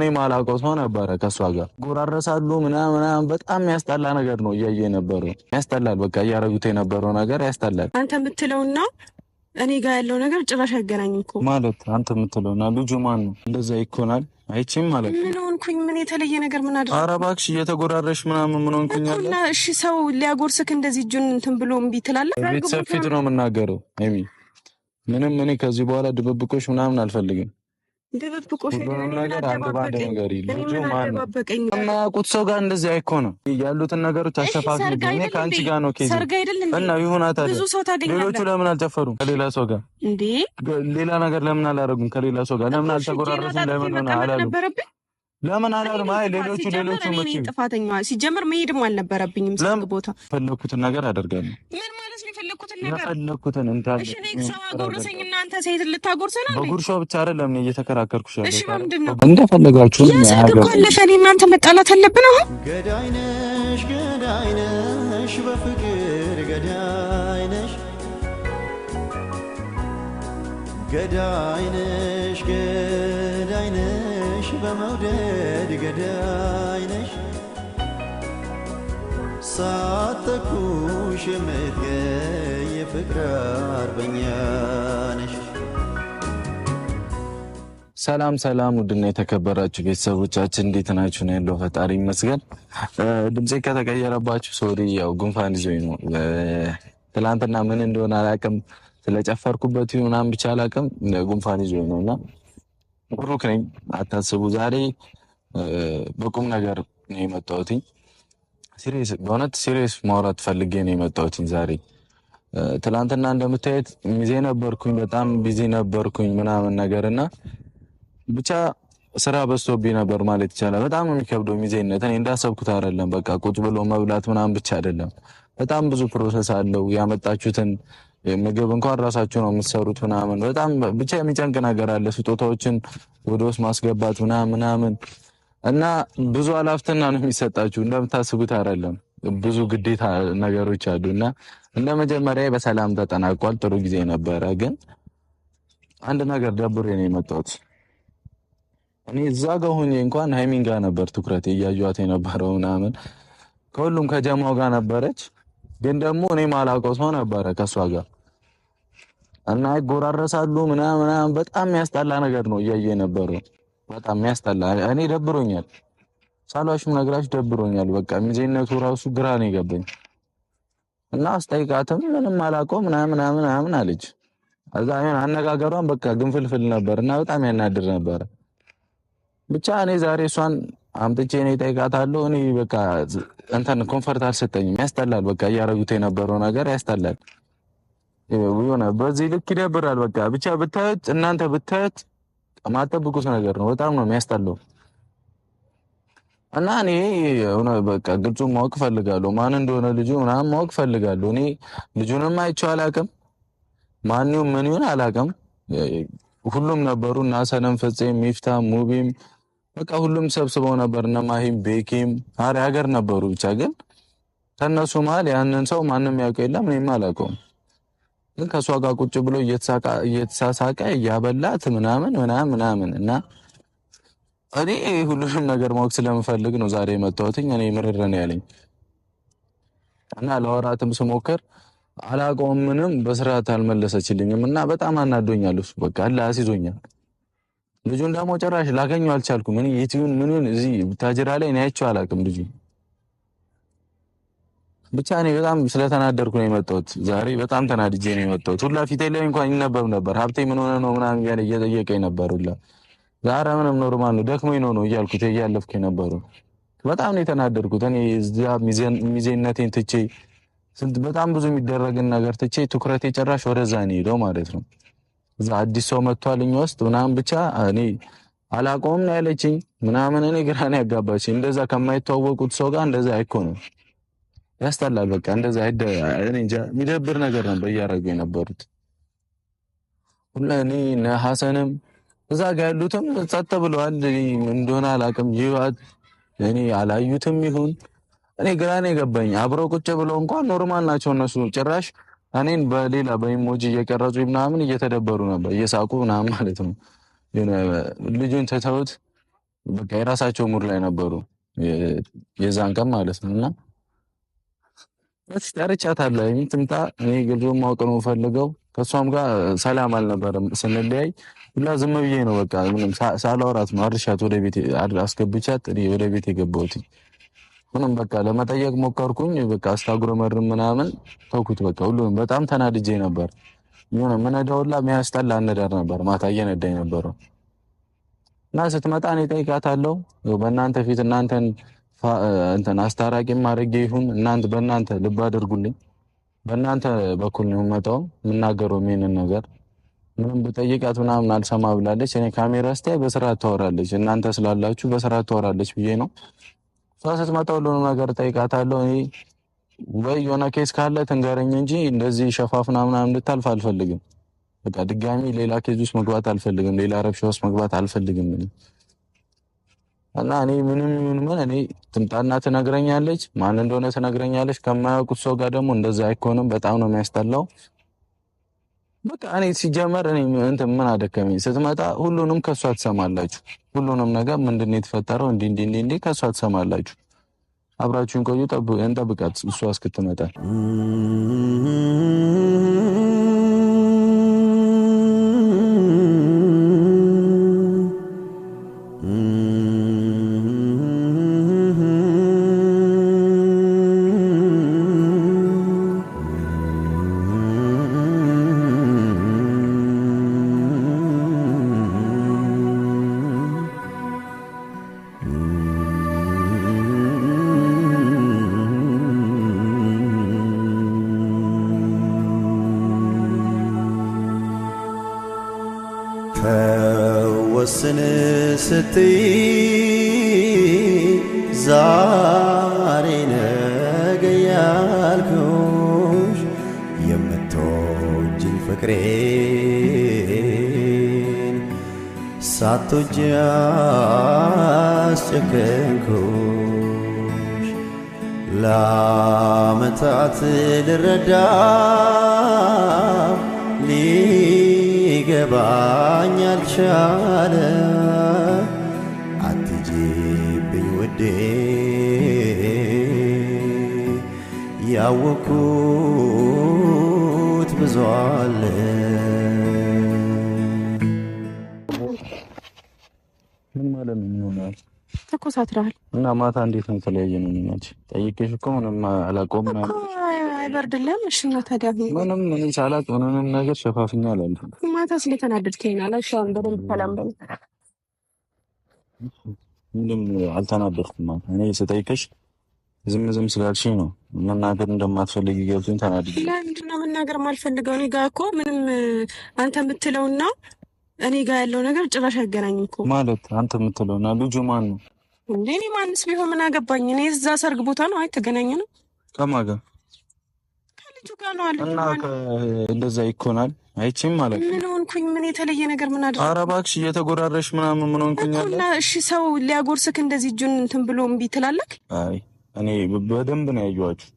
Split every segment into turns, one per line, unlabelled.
እኔ ማላውቀው ሰው ነበረ ከእሷ ጋር ጎራረሳሉ ምናምን ምናምን። በጣም ያስጠላ ነገር ነው እያየ ነበሩ። ያስጠላል። በቃ እያረጉት የነበረው ነገር ያስጠላል።
አንተ የምትለውና እኔ ጋር ያለው ነገር ጭራሽ አይገናኝም እኮ
ማለት አንተ የምትለውና ልጁ ማን ነው እንደዛ ይኮናል። አይቼም ማለት
ምን ሆንኩኝ? ምን የተለየ ነገር ምን አድርግ?
ኧረ እባክሽ እየተጎራረሽ ምናምን ምን ሆንኩኝ?
እሺ ሰው ሊያጎርስክ እንደዚህ እጁን እንትን ብሎ እምቢ ትላለህ?
ቤተሰብ ፊት ነው የምናገረው። ሚ ምንም እኔ ከዚህ በኋላ ድብብቆች ምናምን አልፈልግም። ድብብቆሽ ሰው ጋር እንደዚህ ያሉትን ነገሮች ከአንቺ ጋር ነው እና ሌሎቹ ለምን አልጨፈሩም? ከሌላ ሰው ጋር ሌላ ነገር ለምን አላደረጉም? ከሌላ ሰው ጋር ለምን አልተጎራረሱም? ለምን አላሉ? ለምን አይ ሌሎቹ ሌሎቹ
ጥፋተኛ ሲጀምር መሄድም አልነበረብኝም። ቦታ
ነገር አደርጋለሁ። ምን ማለት ነው
ነገር? ሰው አጎረሰኝና አንተ ሴት ልታጎርሰ ነው
በጉርሻ ብቻ አይደለም እየተከራከርኩሽ ያለው።
እሺ ምንድን ነው
እንደፈለጋችሁ
ያለፈ እኔ እናንተ መጣላት አለብን። አሁን ገዳይነሽ ገዳይነሽ በፍቅር ገዳይነሽ ገዳይነሽ ገዳይነሽ በመውደድ
ገዳይነሽ ሳተኩሽ የምትገይ የፍቅር አርበኛ ሰላም ሰላም፣ ውድና የተከበራችሁ ቤተሰቦቻችን እንዴት ናችሁ? ነው ያለው። ፈጣሪ ይመስገን። ድምፄ ከተቀየረባችሁ ሶሪ፣ ያው ጉንፋን ይዞኝ ነው። ትላንትና ምን እንደሆነ አላቅም፣ ስለጨፈርኩበት ምናምን ብቻ አላቅም፣ ጉንፋን ይዞኝ ነው እና ብሩክ ነኝ፣ አታስቡ። ዛሬ በቁም ነገር ነው የመጣሁት። ሲሪየስ፣ በእውነት ሲሪየስ ማውራት ፈልጌ ነው የመጣሁት ዛሬ። ትላንትና እንደምታየት ሚዜ ነበርኩኝ፣ በጣም ቢዚ ነበርኩኝ ምናምን ነገር እና ብቻ ስራ በዝቶብኝ ነበር ማለት ይቻላል። በጣም የሚከብደው ሚዜነት እኔ እንዳሰብኩት አይደለም። በቃ ቁጭ ብሎ መብላት ምናምን ብቻ አይደለም። በጣም ብዙ ፕሮሰስ አለው። ያመጣችሁትን ምግብ እንኳን ራሳችሁ ነው የምትሰሩት ምናምን። በጣም ብቻ የሚጨንቅ ነገር አለ። ስጦታዎችን ወደ ውስጥ ማስገባት ምናምን ምናምን እና ብዙ አላፍትና ነው የሚሰጣችሁ። እንደምታስቡት አይደለም። ብዙ ግዴታ ነገሮች አሉ እና እንደ መጀመሪያ በሰላም ተጠናቋል። ጥሩ ጊዜ ነበረ፣ ግን አንድ ነገር ደብሬ ነው የመጣሁት። እኔ እዛ ጋ ሆኜ እንኳን ሀይሚን ጋር ነበር ትኩረት እያዩት የነበረው ምናምን ከሁሉም ከጀማው ጋር ነበረች። ግን ደግሞ እኔ ማላውቀው ሰው ነበረ ከእሷ ጋር እና ይጎራረሳሉ ምናምን በጣም የሚያስጠላ ነገር ነው እያየ ነበረው። በጣም የሚያስጠላ እኔ ደብሮኛል፣ ሳሏሽም ነግራችሁ ደብሮኛል። በቃ ሚዜነቱ ራሱ ግራ ነው የገባኝ እና አስጠይቃትም ምንም አላውቀው ምናምን ምናምን አለች። እዛ አነጋገሯን በቃ ግንፍልፍል ነበር እና በጣም ያናድር ነበረ። ብቻ እኔ ዛሬ እሷን አምጥቼ እኔ እጠይቃታለሁ። እኔ በቃ እንትን ኮንፈርት አልሰጠኝም። ያስጠላል። በቃ እያረጉት የነበረው ነገር ያስጠላል። ሆነ በዚህ ልክ ይደብራል። በቃ ብቻ ብታዩት እናንተ ብታዩት ማጠብቁት ነገር ነው። በጣም ነው የሚያስጠላው። እና እኔ በቃ ግልጹ ማወቅ ፈልጋለሁ። ማን እንደሆነ ልጁ ምናምን ማወቅ ፈልጋለሁ። እኔ ልጁንም አይቼው አላውቅም። ማን ይሁን ምን ይሁን አላውቅም። ሁሉም ነበሩ እና ሰነም፣ ፍፄም፣ ሚፍታ ሙቢም በቃ ሁሉም ሰብስበው ነበር። እነ ማሂም ቤኪም አሪ ሀገር ነበሩ። ብቻ ግን ከእነሱ መሀል ያንን ሰው ማንም ያውቀው የለም እኔም አላውቀውም። ግን ከእሷ ጋር ቁጭ ብሎ እየተሳሳቀ እያበላት ምናምን ምናምን ምናምን እና እኔ ሁሉንም ነገር ማወቅ ስለምፈልግ ነው ዛሬ የመጣሁትኝ። እኔ ምርር ነው ያለኝ እና ለወራትም ስሞክር አላውቀውም ምንም በስርዓት አልመለሰችልኝም እና በጣም አናዶኛል። በቃ አለ ልጁን ደግሞ ጭራሽ ላገኘው አልቻልኩም። እኔ የትዩን ምኑን እዚህ ታጅራ ላይ እኔ አይቼው አላውቅም። ልጁ ብቻ እኔ በጣም ስለተናደርኩ ነው የመጣሁት። ዛሬ በጣም ተናድጄ ነው የመጣሁት። ሁላ ፊቴ ላይ እንኳን ይነበብ ነበር። ሀብቴ ምን ሆነ ነው ምናምን እያለ እየጠየቀኝ ነበር። ሁላ ዛሬ ምንም ኖርማል ነው ደክሞኝ ነው ነው እያልኩት እያለፍኩ ነበሩ። በጣም ነው የተናደርኩት። እኔ እዚያ ሚዜነቴን ትቼ ስንት በጣም ብዙ የሚደረግን ነገር ትቼ ትኩረቴ ጭራሽ ወደዛ ነው ሄደው ማለት ነው። እዛ አዲስ ሰው መጥቷል እኛ ውስጥ ምናምን ብቻ እኔ አላቆም ነው ያለችኝ ምናምን። እኔ ግራን ያጋባች። እንደዛ ከማይተዋወቁት ሰው ጋር እንደዛ አይኮንም፣ ያስጠላል። በቃ እንደዛ የሚደብር ነገር ነበር እያደረጉ የነበሩት ሁላ። እኔ ሐሰንም እዛ ጋር ያሉትም ጸጥ ብለዋል። እንደሆነ አላቅም ይዋት እኔ አላዩትም ይሁን እኔ ግራን የገባኝ። አብረው ቁጭ ብለው እንኳን ኖርማል ናቸው እነሱ ጭራሽ እኔን በሌላ በኢሞጂ እየቀረጹ ምናምን እየተደበሩ ነበር፣ እየሳቁ ምናምን ማለት ነው። ልጁን ትተውት በቃ የራሳቸው ሙድ ላይ ነበሩ የዛን ቀን ማለት ነው። እና ጠርቻታለሁ፣ ትምጣ። እኔ ግልጹን ማወቅ ነው ፈልገው። ከእሷም ጋር ሰላም አልነበረም ስንለያይ ሁላ ዝም ብዬ ነው በቃ ምንም ሳላወራት ነው አርሻት ወደ ቤት አስገብቻት ወደ ቤት የገባሁት። ምንም በቃ ለመጠየቅ ሞከርኩኝ። በቃ አስታጉረመርም ምናምን ተውኩት። በቃ ሁሉንም በጣም ተናድጄ ነበር። የሆነ ምነዳውላ የሚያስጠላ አነዳር ነበር። ማታ እየነዳኝ ነበረ እና ስትመጣ እኔ ጠይቃታለሁ። በእናንተ ፊት እናንተን እንትን አስታራቂም አድርጌ ይሁን እናንተ በእናንተ ልብ አድርጉልኝ። በእናንተ በኩል ነው የምመጣው የምናገረው ይሄንን ነገር ምንም ብጠይቃት ምናምን አልሰማ ብላለች። እኔ ካሜራ ስታይ በስራ ታወራለች፣ እናንተ ስላላችሁ በስራ ታወራለች ብዬ ነው እሷ ስትመጣ ሁሉንም ነገር ጠይቃታለሁ። እኔ ወይ የሆነ ኬስ ካለ ትንገረኝ እንጂ እንደዚህ ሸፋፍና ምናምን እንድታልፍ አልፈልግም። በቃ ድጋሚ ሌላ ኬዝ ውስጥ መግባት አልፈልግም። ሌላ ረብሻ ውስጥ መግባት አልፈልግም። እና እኔ ምንም ይሁን ምን እኔ ትምጣና ትነግረኛለች። ማን እንደሆነ ትነግረኛለች። ከማያውቁት ሰው ጋር ደግሞ እንደዛ አይኮንም። በጣም ነው የሚያስጠላው። በቃ እኔ ሲጀመር እኔ እንትን ምን አደከመኝ። ስትመጣ ሁሉንም ከእሷ ትሰማላችሁ። ሁሉንም ነገር ምንድን ነው የተፈጠረው፣ እንዲህ እንዲህ እንዲህ እንዲህ ከእሷ ትሰማላችሁ። አብራችሁን ቆዩ፣ እንጠብቃት እሷ እስክትመጣ ስትይ ዛሬ ነገ ያልኩሽ የምትወጂኝ ፍቅሬን ሳትወጂ አስጨከንኩሽ ለዓመታት ልረዳ ሊገባኝ አልቻለም ብኝ ያወኩት ብዙ አለ። ምን ማለት ነው? እና ማታ እንዴት ነው የተለያየ ነው? ምናች ጠይቄሽ እኮ ምንም አላቆም
አይበርድልም። እሺ ታዲያ
ምንም እኔ ሳላቅ ምንም ነገር ሸፋፍኛ አላለ
ማታ ስለተናደድከኝ አላ በደንብ ሰላም በል
ምንም አልተናደድኩም። እኔ ስጠይቀሽ ዝም ዝም ስላልሽኝ ነው። መናገር እንደማትፈልግ ገብቶኝ ተናድጄ
ለምንድነው መናገር ማልፈልገው? እኔ ጋ እኮ ምንም አንተ የምትለውና እኔ ጋ ያለው ነገር ጭራሽ አይገናኝም እኮ
ማለት አንተ የምትለውና ልጁ ማን ነው?
እኔ ማንስ ቢሆን ምን አገባኝ? እኔ እዛ ሰርግ ቦታ ነው አይ ተገናኘ ነው
ከማን ጋር ከቱ ጋር ነው አለ እና እንደዛ ይኮናል። አይቼም ማለት
ምን ሆንኩኝ? ምን የተለየ ነገር ምን አድርግ?
ኧረ እባክሽ እየተጎራረሽ ምናምን ምን ሆንኩኝ?
እና እሺ፣ ሰው ሊያጎርስክ እንደዚህ እጁን እንትን ብሎ እምቢ ትላለክ?
አይ እኔ በደንብ ነው ያየኋችሁ።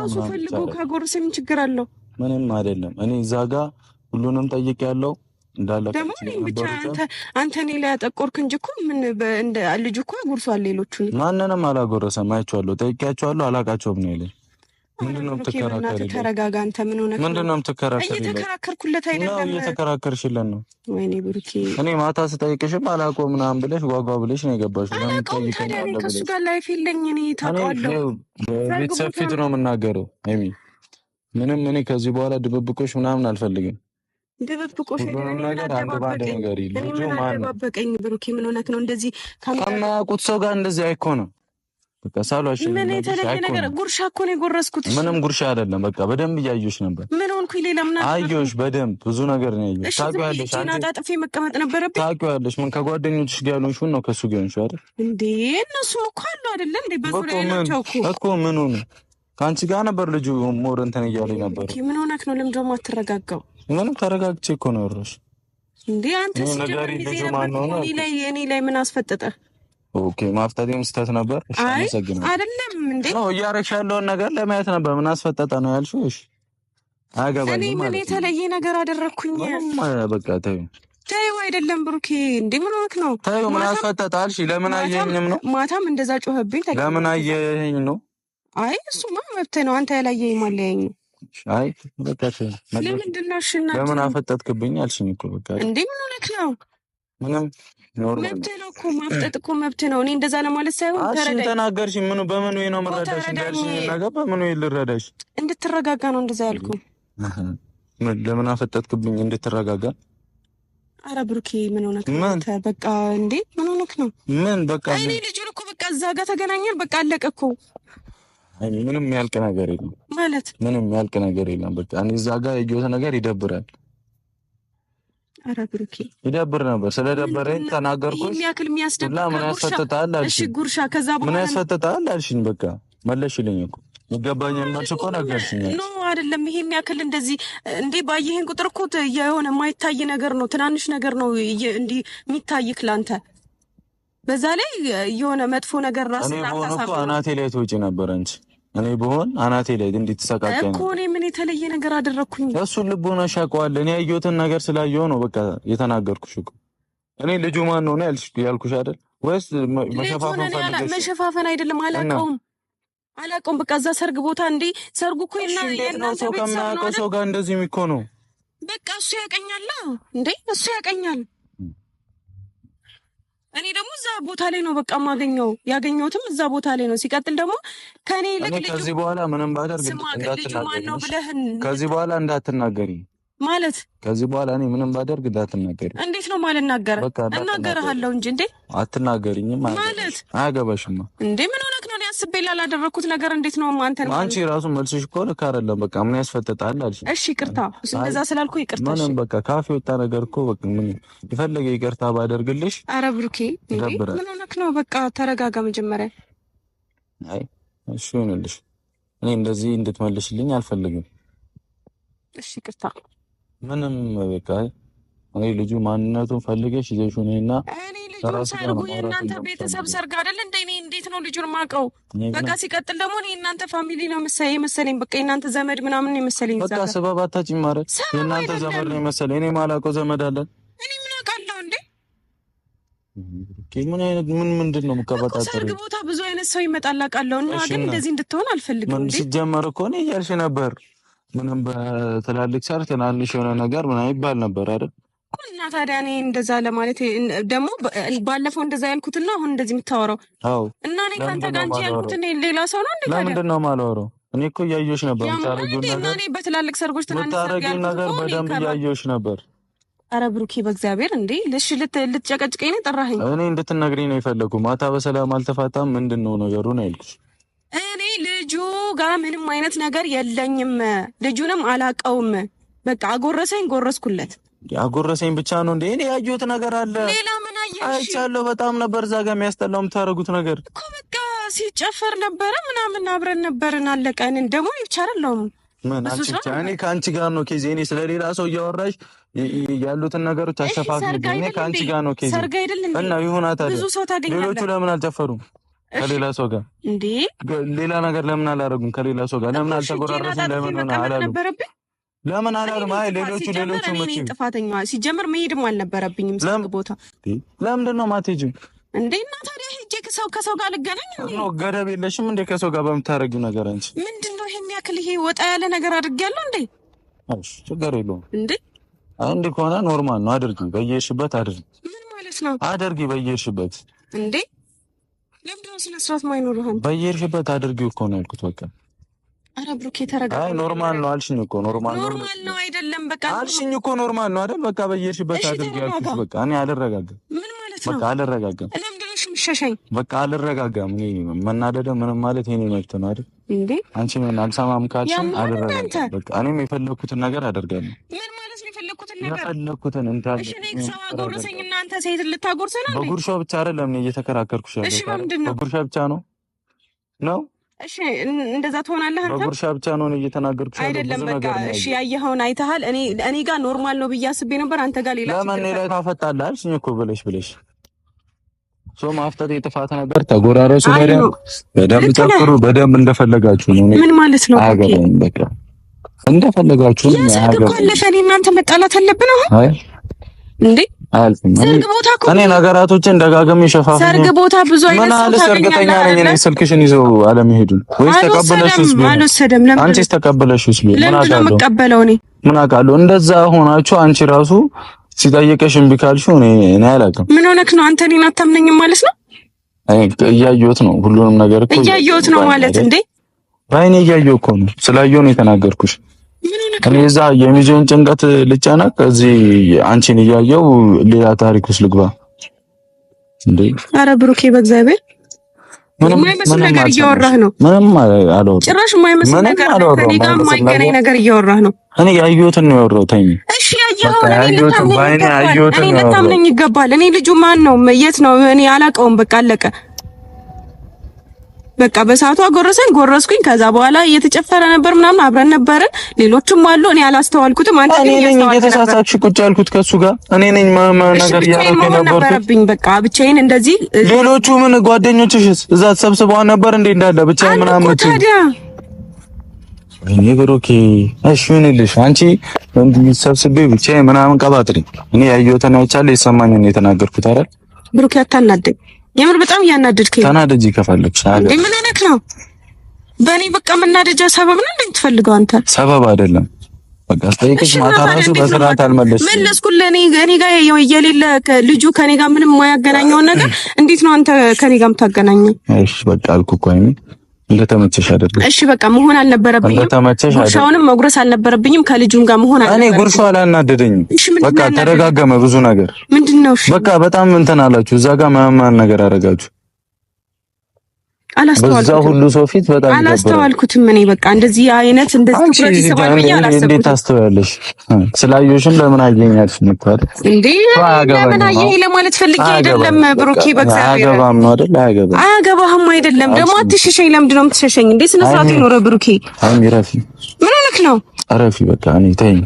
ራሱ ፈልጎ ካጎርስ ምን ችግር አለው?
ምንም አይደለም። እኔ እዛ ጋር ሁሉንም ጠይቅ ያለው
እንዳለ ደግሞ ብቻ አንተ አንተ እኔ ላይ ያጠቆርክ እንጂ እኮ ምን ልጁ እኮ አጎርሷል። ሌሎቹን
ማንንም አላጎረሰም። አይቼዋለሁ፣ ጠይቄያቸዋለሁ። አላቃቸውም ነው ያለኝ ምንድነው የምትከራከሪው? እየተከራከርሽለን ነው። እኔ ማታ ስጠይቅሽም አላውቀውም ምናምን ብለሽ ጓጓ ብለሽ ነው የገባሽው።
ከእሱ ጋር ላይፍ የለኝ። እኔ
ቤተሰብ ፊት ነው የምናገረው። ሚ ምንም እኔ ከዚህ በኋላ ድብብቆሽ ምናምን አልፈልግም። ድብብቆሽ ነገር አንድ ባንድ ነው
ብሩኬ? ምን ነው እንደዚህ
ከማያውቁት ሰው ጋር እንደዚህ አይኮንም በቃ ሳሏሽ
ምን የተለየ ነገር ጉርሻ እኮ ነው የጎረስኩት።
ምንም ጉርሻ አይደለም። በቃ በደንብ እያየሽ ነበር።
ምን ሆንኩኝ? ሌላ ምን
በደንብ ብዙ ነገር ነው ያየሽ። ታውቂዋለሽ።
አጣጥፌ መቀመጥ ነበረብኝ።
ታውቂዋለሽ። ምን ከጓደኞችሽ ጋር ነው ከሱ ጋር ያልሆንሽው አይደል
እንዴ? እኮ አሉ አይደለ እንዴ?
በዙሪያ እኮ ምኑ ከአንቺ ጋር ነበር ልጁ ሞር እንትን እያለ ነበር።
ምን ሆነክ ነው? አትረጋጋው?
ምንም ተረጋግቼ እኮ ነው ያወራሁሽ። እንዴ አንተ ሲጀምር ጊዜ
ላይ እኔ ላይ ምን አስፈጠጠ?
ኦኬ ማፍጠጤም ስህተት ነበር። አይደለም እያረግሽ ያለውን ነገር ለማየት ነበር። ምን አስፈጠጠ ነው ያልሽው? እሺ አያገባኝም።
እኔ ምን የተለየ ነገር አደረግኩኝ? በቃ ተይው ተይው። አይደለም ብሩኬ፣ እንዴ ምን ሆንክ ነው?
ተይው። ምን አስፈጠጠ አልሽ? ለምን አየኝም ነው?
ማታም እንደዛ ጮኸብኝ።
ለምን አየኝ ነው?
አይ እሱማ መብት ነው። አንተ ያላየኝ ማለያኝ
አይ በቃ
ለምንድን ነው እሺ? እና
ለምን አፈጠጥክብኝ አልሽኝ እኮ በቃ።
እንዴ ምን ሆነክ ነው? ምንም መብት ነው እኮ ማፍጠጥ እኮ መብት ነው። እኔ እንደዛ ለማለት ሳይሆን
አሽን ተናገርሽ፣ ምኑ በምኑ ነው መረዳሽ እንዳልሽ ነገ በምኑ ልረዳሽ?
እንድትረጋጋ ነው እንደዛ ያልኩ።
ለምን አፈጠጥክብኝ? እንድትረጋጋ።
አረ ብሩኬ ምን ሆነክ? በቃ እንዴ ምን ሆነክ ነው? ምን በቃ እኔ ልጁን እኮ በቃ እዛ ጋር ተገናኘን፣ በቃ አለቀ እኮ።
ምንም ያልቅ ነገር የለም ማለት ምንም ያልቅ ነገር የለም። በቃ እኔ እዛ ጋር የጆተ ነገር ይደብራል ኧረ ብሩኬ ይደብር ነበር። ስለደበረኝ ተናገርኩሽ።
የሚያክል የሚያስደብር አልሽኝ። ጉርሻ ከዛ
ምን ያስፈትታል አልሽኝ። በቃ መለሽልኝ እኮ ይገባኝ መልስ እኮ ነገርሽኝ። ኖ
አይደለም ይሄ የሚያክል እንደዚህ እንዴ ባየህን ቁጥር እኮ የሆነ የማይታይ ነገር ነው፣ ትናንሽ ነገር ነው እንዲህ የሚታይክ ለአንተ በዛ ላይ የሆነ መጥፎ ነገር
ራስ ናታሳ አናቴ ላይ ትውጪ ነበር አንቺ እኔ በሆን አናቴ ላይ እንዴት እንዲትሰቃቀ
እኮ እኔ ምን የተለየ ነገር አደረግኩኝ?
እሱን ልቦና ሻቀዋል። እኔ ያየሁትን ነገር ስላየሁ ነው በቃ የተናገርኩሽ እኮ። እኔ ልጁ ማን ነው ያልሽ ያልኩሽ አይደል? ወይስ መሸፋፈን
ፈልገሽ? መሸፋፈን አይደለም፣ አላውቀውም አላውቀውም። በቃ እዛ ሰርግ ቦታ እንዴ፣ ሰርጉ እኮ
ሰው ከማያውቀው ሰው ጋር እንደዚህ የሚኮ ነው።
በቃ እሱ ያቀኛል እንዴ፣ እሱ ያቀኛል እኔ ደግሞ እዛ ቦታ ላይ ነው በቃ የማገኘው። ያገኘሁትም እዛ ቦታ ላይ ነው። ሲቀጥል ደግሞ
ከኔ ይልቅ ከዚህ በኋላ ምንም ባደርግ ልጁ ከዚህ በኋላ እንዳትናገሪ ማለት ከዚህ በኋላ እኔ ምንም ባደርግ እንዳትናገሪ።
እንዴት ነው ማልናገር? እናገርሃለሁ እንጂ እንዴ።
አትናገሪኝም ማለት አያገባሽማ
እንዴ። ምን ሆነክ ነው? እኔ አስቤ ላላደረግኩት ነገር እንዴት ነው አንተን?
አንቺ ራሱ መልሶሽ እኮ ልክ አይደለም። በቃ ምን ያስፈጥጣል አልሽ።
እሺ ይቅርታ፣ እንደዛ ስላልኩ ይቅርታ።
ምንም በቃ ካፌ ወጣ ነገር እኮ በቃ ምን የፈለገ ይቅርታ ባደርግልሽ።
አረ ብሩኬ፣ ምን ሆነክ ነው? በቃ ተረጋጋ መጀመሪያ።
አይ እሺ ይሁንልሽ። እኔ እንደዚህ እንድትመልሽልኝ አልፈልግም። እሺ ይቅርታ ምንም በቃ እኔ ልጁ ማንነቱን ፈልገሽ ይዘሽ ሁኔና
እኔ ልጁን ሰርጉ የእናንተ ቤተሰብ ሰርግ አይደል እንደ እኔ እንዴት ነው ልጁን ማቀው? በቃ ሲቀጥል ደግሞ እኔ እናንተ ፋሚሊ ነው መሰለኝ የመሰለኝ በቃ የእናንተ ዘመድ ምናምን የመሰለኝ
በቃ ስበብ አታጭኝ ማለት የእናንተ ዘመድ ነው የመሰለኝ። እኔ ማላውቀው ዘመድ አለን
እኔ ምን አውቃለሁ እንዴ?
ምን አይነት ምን ምንድን ነው
የምከባጣጠረው? ሰርግ ቦታ ብዙ አይነት ሰው ይመጣል አውቃለሁ። እና ግን እንደዚህ እንድትሆን አልፈልግም።
ሲጀመር እኮ እኔ እያልሽ ነበር ምንም በትላልቅ ሰር ትናንሽ የሆነ ነገር ምን ይባል ነበር አይደል?
እና ታዲያ እኔ እንደዛ ለማለት ደግሞ ባለፈው እንደዛ ያልኩትና አሁን እንደዚህ የምታወራው እና እኔ ከአንተ ጋር እንጂ ያልኩት ሌላ ሰው ነው። እንደ
ለምንድን ነው የማላወራው? እኔ እኮ እያየሁሽ ነበር።
በትላልቅ ሰርጎች
ትናንሽ ነገር በደንብ እያየሁሽ ነበር።
አረ ብሩኬ በእግዚአብሔር እንዴ ልሽ ልትጨቀጭቀኝ ነው የጠራኸኝ?
እኔ እንድትነግሪኝ ነው የፈለጉ ማታ በሰላም አልተፋታም ምንድን ነው ነገሩ ነው ያልኩሽ።
ልጁ ጋር ምንም አይነት ነገር የለኝም። ልጁንም አላቀውም። በቃ አጎረሰኝ፣ ጎረስኩለት።
አጎረሰኝ ብቻ ነው እንዴ? እኔ ያየሁት ነገር አለ።
ሌላ ምን አየሽ?
አይቻለሁ። በጣም ነበር እዛ ጋር የሚያስጠላው የምታደርጉት ነገር
እኮ። በቃ ሲጨፈር ነበረ ምናምን፣ አብረን ነበርን። አለቀንን ደግሞ ይቻላለውም
እኔ ከአንቺ ጋር ነው ኬዚ። እኔ ስለሌላ ሰው እያወራሽ ያሉትን ነገሮች አሸፋፍ። እኔ ከአንቺ ጋር ነው ኬዚ እና ይሁን። ታዲያ ሌሎቹ ለምን አልጨፈሩም? ከሌላ ሰው ጋር እንዴ? ሌላ ነገር ለምን አላደረጉም? ከሌላ ሰው ጋር ለምን አልተጎራረሱም? ለምን ሆነ አላሉ? ለምን አላሉ? አይ ሌሎቹ ሌሎቹ
ጥፋተኛ ሲጀምር መሄድም አልነበረብኝም። ስንት ቦታ
ለምንድን ነው ማትሄጂው?
እንዴ እና ታዲያ ሄጄ ከሰው ከሰው ጋር ልገናኝ
ነው? ገደብ የለሽም እንዴ? ከሰው ጋር በምታደርጊው ነገር አንቺ
ምንድን ነው ይሄን ያክል ይሄ ወጣ ያለ ነገር አድርጊያለሁ እንዴ? ችግር የለውም እንዴ?
እንዲህ ከሆነ ኖርማል ነው። አድርጊ በየሽበት አድርጊ።
ምን ማለት ነው
አድርጊ በየሽበት
እንዴ ለምንድነው ስነ ስርዓት ማይኖርህ?
በየሄድሽበት አድርጊው እኮ ነው ያልኩት። በቃ
ኧረ ብሩክ የተረጋ
ኖርማል ነው አልሽኝ እኮ ኖርማል
ነው አይደለም? በቃ
አልሽኝ እኮ ኖርማል ነው አይደል? በቃ በየሄድሽበት አድርጊው ያልኩት። በቃ እኔ አልረጋጋም። ምን ማለት ነው? በቃ አልረጋጋም። ለምንድነው በቃ አልረጋጋም። እኔ መናደደ ምንም ማለት የእኔ መብት ነው አይደል? እንዴ አንቺ ምን አልሰማም ካልሽኝ
አልረጋጋም።
በቃ እኔም የፈለኩትን ነገር አደርጋለሁ።
ምን ማለት ነው የፈለኩትን ነገር?
የፈለኩትን እንዳልሽ
እሺ። እኔ ሰው አንተ ሴት ልታጎርሰ ነው።
በጉርሻ ብቻ አይደለም እየተከራከርኩሽ ያለው።
እሺ በምንድን ነው?
በጉርሻ ብቻ ነው ነው።
እሺ እንደዛ ትሆናለህ
አንተ። በጉርሻ ብቻ ነው እየተናገርኩሽ
አይደለም። በቃ እሺ፣ ያየኸውን አይተሃል። እኔ እኔ ጋር ኖርማል ነው ብዬ አስቤ ነበር። አንተ ጋር ሌላ
ለምን እኔ ላይ ታፈጣለህ አልሽኝ እኮ ብለሽ ብለሽ ሶ ማፍጠጥ የጥፋት ነገር ተጎራረሱ። በደምብ በደምብ ጨፍሩ፣ በደምብ እንደፈለጋችሁ ነው። ምን ማለት ነው? አያገባኝም በቃ እንደፈለጋችሁ
ነው። ያገባኝ እኮ አለፈ። እኔ እናንተ መጣላት አለብን አሁን እንዴ?
አያልፍም። እኔ ነገራቶችን ደጋግሜ ሸፋፍ
ሰርግ ቦታ ብዙ
አይነት ሰው ታገኛለህ። እርግጠኛ ነኝ እኔ ስልክሽን ይዘው አለመሄዱን ወይስ ተቀበለሽውስ?
አልወሰደም። ለምን
አንቺስ ተቀበለሽውስ? ለምንድን
ነው የምቀበለው? እኔ
ምን አውቃለሁ። እንደዛ ሆናችሁ አንቺ ራሱ ሲጠይቅሽ እምቢ ካልሽው እኔ እኔ አላውቅም።
ምን ሆነክ ነው አንተ? እኔን አታምነኝም ማለት ነው?
እያየሁት ነው ሁሉንም ነገር እኮ
እያየሁት ነው ማለት እንዴ?
ባይኔ እያየሁ እኮ ነው። ስላየሁ ነው የተናገርኩሽ። እኔ እዛ የሚዜን ጭንቀት ልጫና እዚህ አንቺን እያየው ሌላ ታሪክ ውስጥ ልግባ እንዴ?
አረ ብሩኬ በእግዚአብሔር ምንም አይመስል ነገር እያወራህ ነው።
ምንም አላወራሁም፣
ጭራሽ የማይመስል
ነገር ነው። ነው ነው። እኔ
ልጁ ማን ነው? የት ነው? እኔ አላውቀውም። በቃ አለቀ። በቃ በሰዓቱ አጎረሰኝ፣ ጎረስኩኝ። ከዛ በኋላ እየተጨፈረ ነበር ምናምን አብረን ነበርን። ሌሎችም አሉ፣ እኔ አላስተዋልኩትም።
አንተ ነኝ እየተሳሳችሁ ቁጭ ያልኩት ከሱ ጋር እኔ ነኝ። ነገር
ነበረብኝ በቃ ብቻዬን እንደዚህ።
ሌሎቹ ምን ጓደኞችሽስ እዛ ተሰብስበው ነበር እንዴ? እንዳለ ብቻ ምናምን እኔ ብሩኬ እሺ ይሁንልሽ። አንቺ ሰብስቤ ብቻዬን ምናምን ቀባጥሪ። እኔ ያየሁትን አይቻለሁ፣ የሰማኝን የተናገርኩት አይደል
ብሩኬ፣ አታናደኝ የምር በጣም እያናደድከኝ።
ተናደጂ ከፈለግሽ።
ምን አይነት ነው? በእኔ በቃ መናደጃ ሰበብ ነው እንድትፈልገው አንተ።
ሰበብ አይደለም በቃ ስለይከሽ ማታ እራሱ በስርዓት አልመለስኩም
መለስኩልህ። እኔ ጋር የሌለ ልጁ ከኔ ጋር ምንም የማያገናኘውን ነገር እንዴት ነው አንተ ከኔ ጋር የምታገናኘው?
እሺ በቃ አልኩህ እኮ አይደል እንደተመቸሽ አደረግሽ።
እሺ በቃ መሆን አልነበረብኝም።
እንደተመቸሽ አደረግሽ።
ጉርሻውንም መጉረስ አልነበረብኝም። ከልጁም ጋር መሆን
አልነበረብኝም። እኔ ጉርሻው አላናደደኝም። በቃ ተደጋገመ ብዙ ነገር ምንድነው? በቃ በጣም እንትን አላችሁ፣ እዛ ጋር መማን ነገር አደረጋችሁ አላስተዋልኩትም።
እኔ በቃ እንደዚህ አይነት እንደዚህ
ትኩረት ይስባል ብዬ እንዴት ለምን
እንዴ? ለምን ለማለት ፈልጌ አይደለም ብሩኬ። በእግዚአብሔር
አያገባም ነው አይደል? አያገባም
አያገባህም አይደለም ደግሞ አትሸሸኝ። ለምንድን ነው የምትሸሸኝ እንዴ? ስነ ብሩኬ። ምን ነው?
በቃ እኔ ተይኝ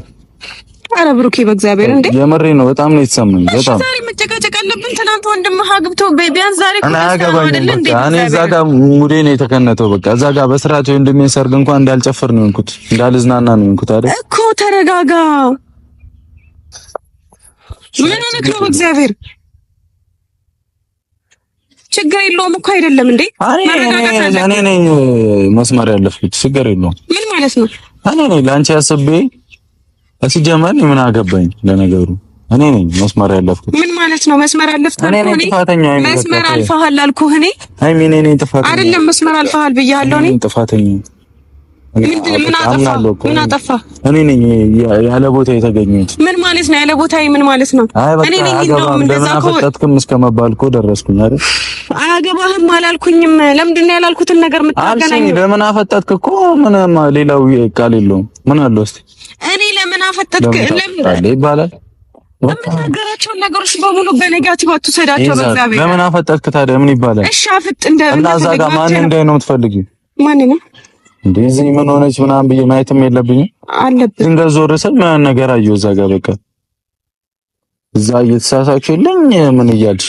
ኧረ ብሩኬ በእግዚአብሔር እንዴ
የምሬ ነው። በጣም ነው የተሰማኝ።
በጣም ዛሬ መጨቃጨቅ አለብን። ትናንት ወንድምህ አግብቶ ቢያንስ ዛሬ እኔ
እዛ ጋር ሙዴ ነው የተከነተው። በቃ እዛ ጋር በስርዓት የወንድሜ ሰርግ እንኳን እንዳልጨፍር ነው እንኩት እንዳልዝናና ነው እንኩት አይደል
እኮ። ተረጋጋ። ምን ሆነክ ነው? በእግዚአብሔር ችግር የለውም እኮ አይደለም እንዴ
እኔ ነኝ መስመር ያለፍኩት ችግር የለውም። ምን ማለት ነው? እኔ ነኝ ለአንቺ ያስቤ ሲጀመር ምን አገባኝ? ለነገሩ እኔ ነኝ መስመር ያለፍኩት።
ምን ማለት ነው መስመር ያለፍኩት? እኔ
ነኝ ጥፋተኛ። አይ
መስመር አልፈሃል አልኩህ። እኔ
አይ ምን እኔ ነኝ ጥፋተኛ
አይደለም፣ መስመር አልፈሃል ብያለሁ። እኔ ጥፋተኛ ምን አጠፋህ? ምን አጠፋ?
እኔ ነኝ ያለ ቦታ የተገኘሁት።
ምን ማለት ነው ያለ ቦታ? ምን ማለት ነው?
አይ እኔ ነኝ ነው እንደዛ ከወጣትኩም እስከመባል እኮ ደረስኩኝ አይደል?
አያገባህም አላልኩኝም። ለምንድን ነው ያላልኩትን ነገር
የምታገናኝ? ለምን አፈጠጥክ እኮ። ምንም ሌላው ቃል የለውም። ምን አለው እስቲ
እኔ ለምን አፈጠጥክ?
ለምን ይባላል?
የምናገራቸውን ነገሮች በሙሉ በኔጋቲቭ አትውሰዳቸው። በእግዚአብሔር
ለምን አፈጠጥክ ታዲያ? ምን ይባላል? እሺ አፍጥ እንደ እና እዛ ጋር ማን እንዳይ ነው የምትፈልጊው? ማን ነው እንደዚህ ምን ሆነች ምናምን ብዬ ማየትም የለብኝም አለብኝ። ድንገት ዞር ስል ምን ነገር አየሁ እዛ ጋር በቃ እዛ እየተሳሳችሁልኝ ምን እያልሽ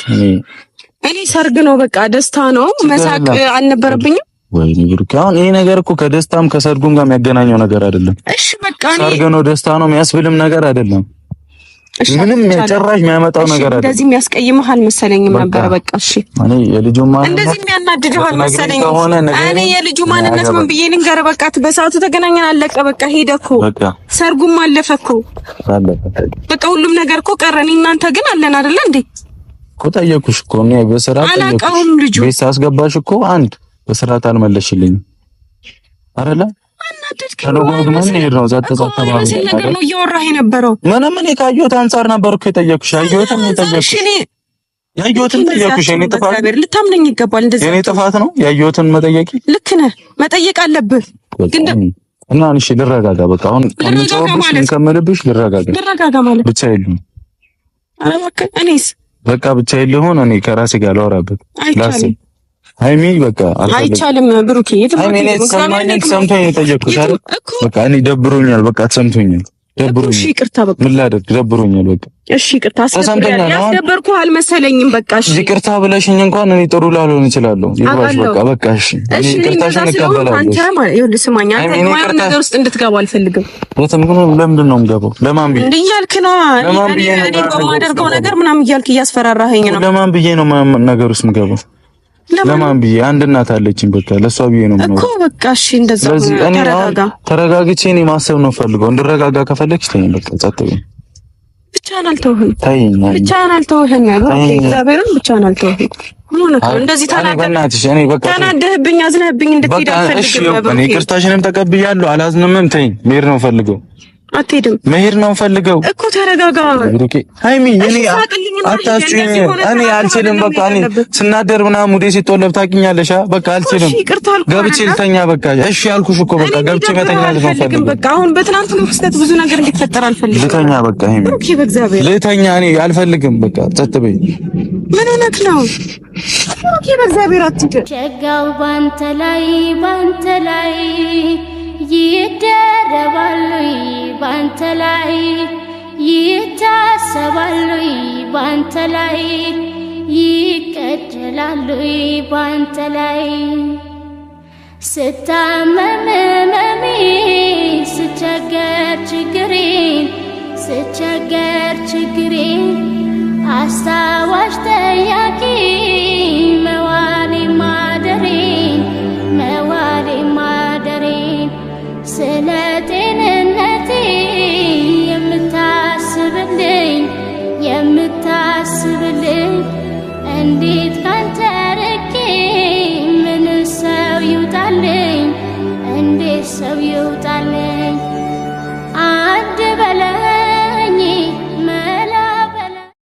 እኔ ሰርግ ነው በቃ ደስታ ነው መሳቅ አልነበረብኝም።
ወይ ነገር አሁን ይሄ ነገር እኮ ከደስታም ከሰርጉም ጋር የሚያገናኘው ነገር አይደለም። እሺ በቃ ሰርግ ነው ደስታ ነው የሚያስብልም ነገር አይደለም። ምንም ጭራሽ የሚያመጣው ነገር
አይደለም። እንደዚህ የሚያስቀይምህ አልመሰለኝም ነበር። በቃ እሺ፣
እኔ የልጁ ማንነት
እንደዚህ የሚያናድድህ አልመሰለኝም። እኔ የልጁ ማንነት ምን ብዬ ልንገርህ? በቃ በሰዓቱ ተገናኘን፣ አለቀ። በቃ ሄደ እኮ ሰርጉም አለፈ እኮ በቃ ሁሉም ነገር እኮ ቀረ። እኔ እናንተ ግን አለን አይደለ እንዴ?
እኮ ጠየኩሽ እኮ እኔ በስራ
ጠየኩሽ፣
ቤት ሳስገባሽ እኮ አንድ በስርዓት አልመለሽልኝ አረለ ምንም እኔ ካየሁት አንጻር ነበር እኮ የጠየኩሽ። ያየሁትም የጠየኩሽ ያየሁትን ጠየኩሽ። እኔ ጥፋት
ልታምነኝ ይገባል።
እንደዚህ እኔ ጥፋት ነው ያየሁትን መጠየቅ
ልክ ነህ፣ መጠየቅ አለብህ
እና እሺ፣ ልረጋጋ በቃ አሁን ከምልብሽ ልረጋጋ
ልረጋጋ ማለት ብቻ የለውም። እባክህ እኔስ
በቃ ብቻ የለውም። እኔ ከራሴ ጋር ላወራበት ላስብ ሃይሚ በቃ
አይቻልም። ብሩኬ
ሃይሚ ላይ ሰማኝ ሰምቶኝ በቃ እኔ ደብሮኛል። በቃ ተሰምቶኛል። ደብሮኛል። እሺ በቃ ምን በቃ እሺ ይቅርታ። ተሰምቶኛል።
ያስደበርኩህ አልመሰለኝም።
በቃ እሺ ይቅርታ ብለሽኝ እንኳን እኔ ጥሩ ላልሆን እችላለሁ። ይባሽ በቃ በቃ እሺ እኔ ይቅርታሽን
እቀበላለሁ። አንተ ማለት ስማኝ፣ አንተ ነገር ውስጥ ግን
ነው ለማን ብዬ ነው? ለማን ነው
ነገር ምናምን እያልክ እያስፈራራኸኝ
ነው። ለማን ብዬ ነው ነገር ውስጥ የምገባው? ለማን ብዬ አንድ እናት አለችኝ። በቃ ለሷ ብዬ
ነው እኮ በቃ እሺ፣ እንደዛ
ተረጋጋ። ተረጋግቼ እኔ ማሰብ ነው ፈልገው። እንድረጋጋ ከፈለግሽ ተይኝ፣ በቃ ጸጥ በይ።
ብቻህን አልተውህም፣ ተይኝ። ብቻህን አልተውህም፣ ብቻህን አልተውህም። ተናደህብኝ፣ አዝነህብኝ
እንድትሄድ አልፈልግም። ይቅርታሽንም ተቀብያለሁ፣ አላዝንምም። ተይኝ፣ መሄድ ነው ፈልገው። አትሄድም፣ መሄድ ነው ፈልገው
እኮ ተረጋጋ።
ሀይሚ እኔ አልችልም። በቃ ስናደር ምናምን ሙዴ ሲጦለብ ታውቂኛለሽ። በቃ አልችልም። ገብቼ ልተኛ። በቃ እሺ ያልኩሽ እኮ በቃ ገብቼ
መተኛ አልፈልግም። በቃ አሁን በትናንት ነው ክስተት ብዙ ነገር እንዲፈጠር አልፈልግም። በቃ ላይ ባንተ ላይ ይደረባሉ ባንተ ላይ ይታሰባሉይ ባንተ ላይ ይቀጀላሉይ ባንተ ላይ ስታመም መሜ ስቸገር ችግሬን ስቸገር ችግሬን አስታዋሽ ጠያቂ መዋሌ ማደሬን መዋሌ ማደሬን ስለ